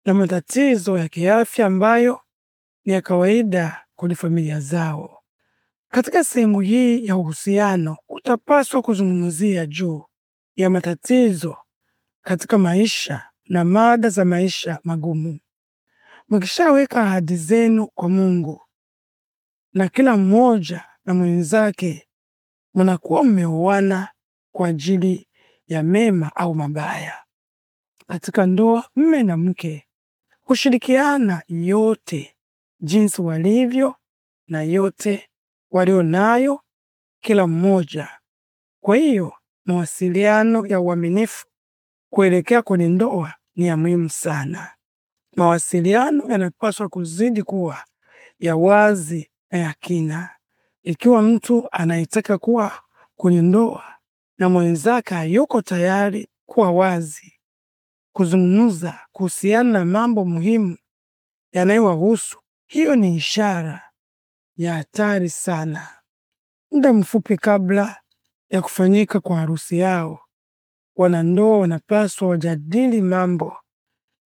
na matatizo ya kiafya ambayo ni ya kawaida kwenye familia zao. Katika sehemu hii ya uhusiano, utapaswa kuzungumzia juu ya matatizo katika maisha na mada za maisha magumu. Mkishaweka ahadi zenu kwa Mungu na kila mmoja na mwenzake mnakuwa mmeoana kwa ajili ya mema au mabaya. Katika ndoa, mme na mke kushirikiana yote jinsi walivyo na yote walio nayo kila mmoja. Kwa hiyo mawasiliano ya uaminifu kuelekea kwenye ndoa ni ya muhimu sana. Mawasiliano yanapaswa kuzidi kuwa ya wazi na ya kina. Ikiwa mtu anayetaka kuwa kwenye ndoa na mwenzake hayuko tayari kuwa wazi kuzungumza kuhusiana na mambo muhimu yanayowahusu, hiyo ni ishara ya hatari sana. Muda mfupi kabla ya kufanyika kwa harusi yao, wanandoa wanapaswa wajadili mambo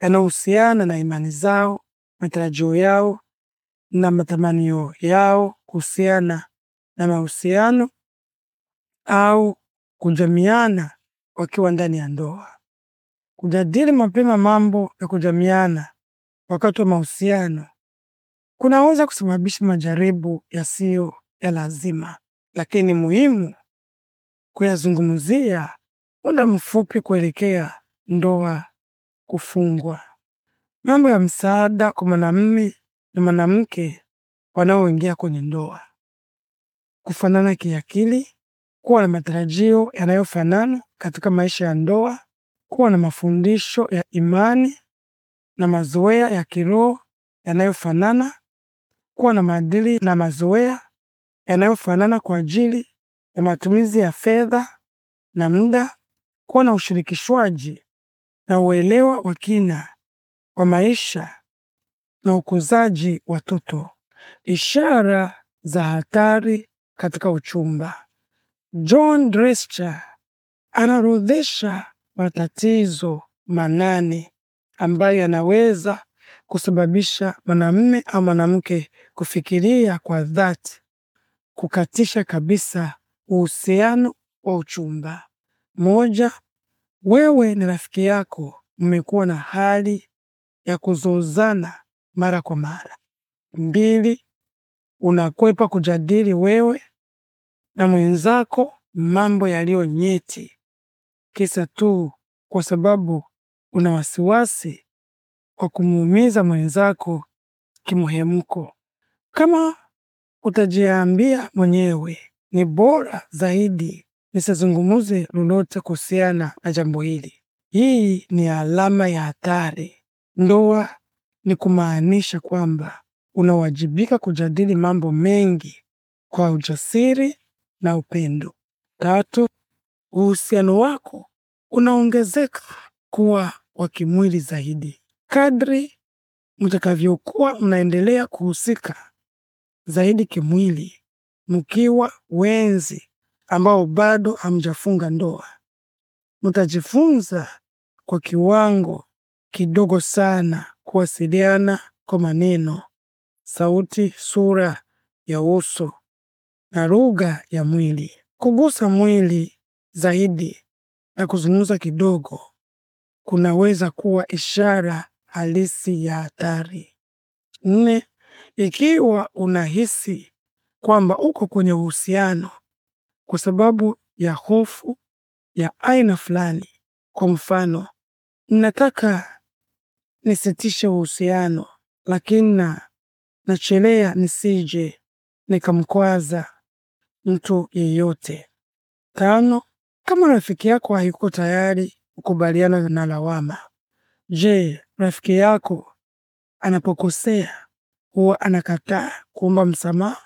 yanayohusiana na imani zao, matarajio yao na matamanio yao kuhusiana na mahusiano au kujamiana wakiwa ndani ya ndoa. Kujadili mapema mambo ya kujamiana wakati wa mahusiano kunaweza kusababisha majaribu yasiyo ya lazima, lakini muhimu kuyazungumzia muda mfupi kuelekea ndoa kufungwa. Mambo ya msaada kwa mwanamume na mwanamke wanaoingia kwenye ndoa, kufanana kiakili, kuwa na matarajio yanayofanana katika maisha ya ndoa, kuwa na mafundisho ya imani na mazoea ya kiroho yanayofanana, kuwa na maadili na mazoea yanayofanana kwa ajili ya matumizi ya fedha na muda, kuwa na ushirikishwaji na uelewa wa kina wa maisha na ukuzaji watoto, ishara za hatari katika uchumba. John Drescher anarodhesha matatizo manane ambayo yanaweza kusababisha mwanamume au mwanamke kufikiria kwa dhati kukatisha kabisa uhusiano wa uchumba. Moja, wewe ni rafiki yako mmekuwa na hali ya kuzozana mara kwa mara. Mbili, unakwepa kujadili wewe na mwenzako mambo yaliyo nyeti, kisa tu kwa sababu una wasiwasi wa kumuumiza mwenzako kimuhemko. Kama utajiambia mwenyewe ni bora zaidi nisizungumuze lolote kuhusiana na jambo hili, hii ni alama ya hatari. Ndoa ni kumaanisha kwamba unawajibika kujadili mambo mengi kwa ujasiri na upendo. Tatu, uhusiano wako unaongezeka kuwa wa kimwili zaidi kadri mtakavyokuwa mnaendelea kuhusika zaidi kimwili, mkiwa wenzi ambao bado hamjafunga ndoa. Mtajifunza kwa kiwango kidogo sana kuwasiliana kwa maneno, sauti, sura ya uso na lugha ya mwili. Kugusa mwili zaidi na kuzungumza kidogo kunaweza kuwa ishara halisi ya hatari. Nne, ikiwa unahisi kwamba uko kwenye uhusiano kwa sababu ya hofu ya aina fulani, kwa mfano, mnataka nisitishe uhusiano, lakini na nachelea nisije nikamkwaza mtu yeyote. Tano, kama rafiki yako haiko tayari kukubaliana na lawama. Je, rafiki yako anapokosea huwa anakataa kuomba msamaha?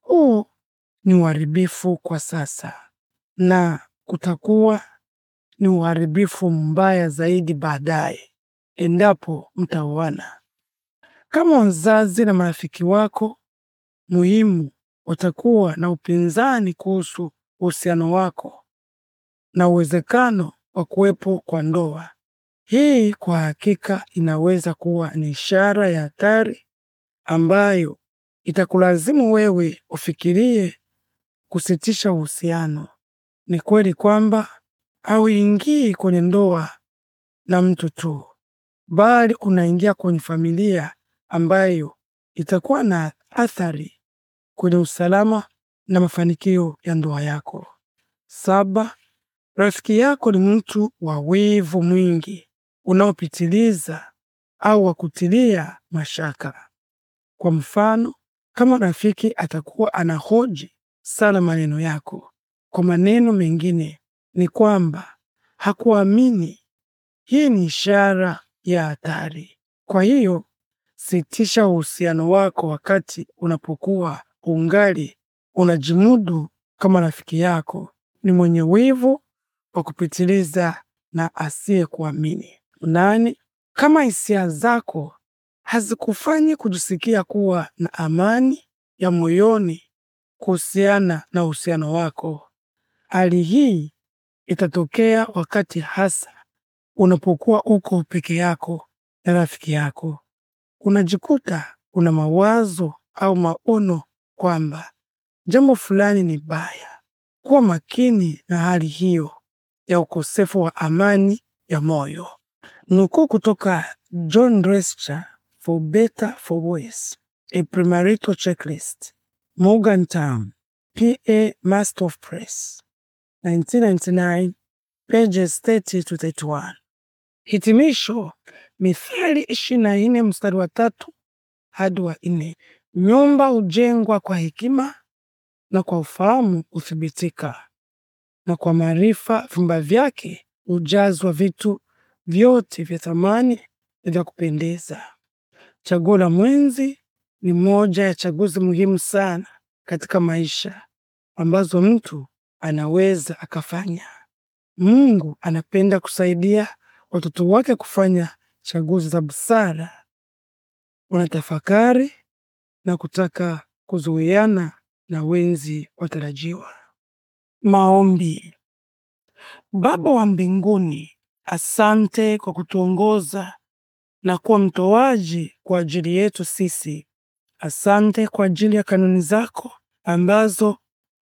Huu ni uharibifu kwa sasa na kutakuwa ni uharibifu mbaya zaidi baadaye endapo mtaoana. Kama wazazi na marafiki wako muhimu watakuwa na upinzani kuhusu uhusiano wako na uwezekano wa kuwepo kwa ndoa, hii kwa hakika inaweza kuwa ni ishara ya hatari ambayo itakulazimu wewe ufikirie kusitisha uhusiano. Ni kweli kwamba hauingii kwenye ndoa na mtu tu bali unaingia kwenye familia ambayo itakuwa na athari kwenye usalama na mafanikio ya ndoa yako. Saba, rafiki yako ni mtu wa wivu mwingi unaopitiliza au wa kutilia mashaka. Kwa mfano, kama rafiki atakuwa anahoji sana maneno yako, kwa maneno mengine ni kwamba hakuamini. Hii ni ishara ya hatari. Kwa hiyo sitisha uhusiano wako wakati unapokuwa ungali unajimudu kama rafiki yako ni mwenye wivu wa kupitiliza na asiyekuamini. Nani, kama hisia zako hazikufanyi kujisikia kuwa na amani ya moyoni kuhusiana na uhusiano wako, hali hii itatokea wakati hasa Unapokuwa uko peke yako na rafiki yako, unajikuta una mawazo au maono kwamba jambo fulani ni baya. Kuwa makini na hali hiyo ya ukosefu wa amani ya moyo. Nukuu kutoka John Drescher, For Better for Worse, A Premarital Checklist, Morgantown, PA of Press, 1999, pages 30 to 31. Hitimisho, Mithali ishirini na nne mstari wa tatu hadi wa nne nyumba hujengwa kwa hekima na kwa ufahamu huthibitika, na kwa maarifa vyumba vyake hujazwa vitu vyote vya thamani na vya kupendeza. Chaguo la mwenzi ni moja ya chaguzi muhimu sana katika maisha ambazo mtu anaweza akafanya. Mungu anapenda kusaidia watoto wake kufanya chaguzi za busara, wanatafakari na kutaka kuzuiana na wenzi watarajiwa. Maombi. Baba wa mbinguni, asante kwa kutuongoza na kuwa mtoaji kwa ajili yetu sisi. Asante kwa ajili ya kanuni zako ambazo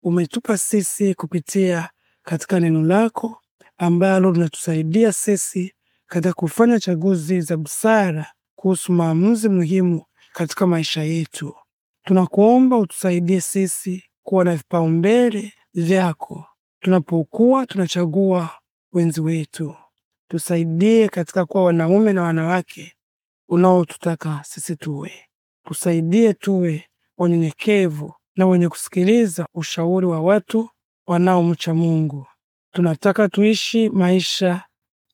umetupa sisi kupitia katika neno lako ambalo linatusaidia sisi katika kufanya chaguzi za busara kuhusu maamuzi muhimu katika maisha yetu. Tunakuomba utusaidie sisi kuwa na vipaumbele vyako tunapokuwa tunachagua wenzi wetu. Tusaidie katika kuwa wanaume na wanawake unaotutaka sisi tuwe. Tusaidie tuwe wanyenyekevu na wenye kusikiliza ushauri wa watu wanaomcha Mungu. Tunataka tuishi maisha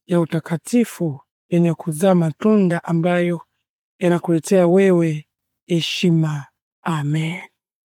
ya utakatifu yenye kuzaa matunda ambayo yanakuletea wewe heshima. Amen.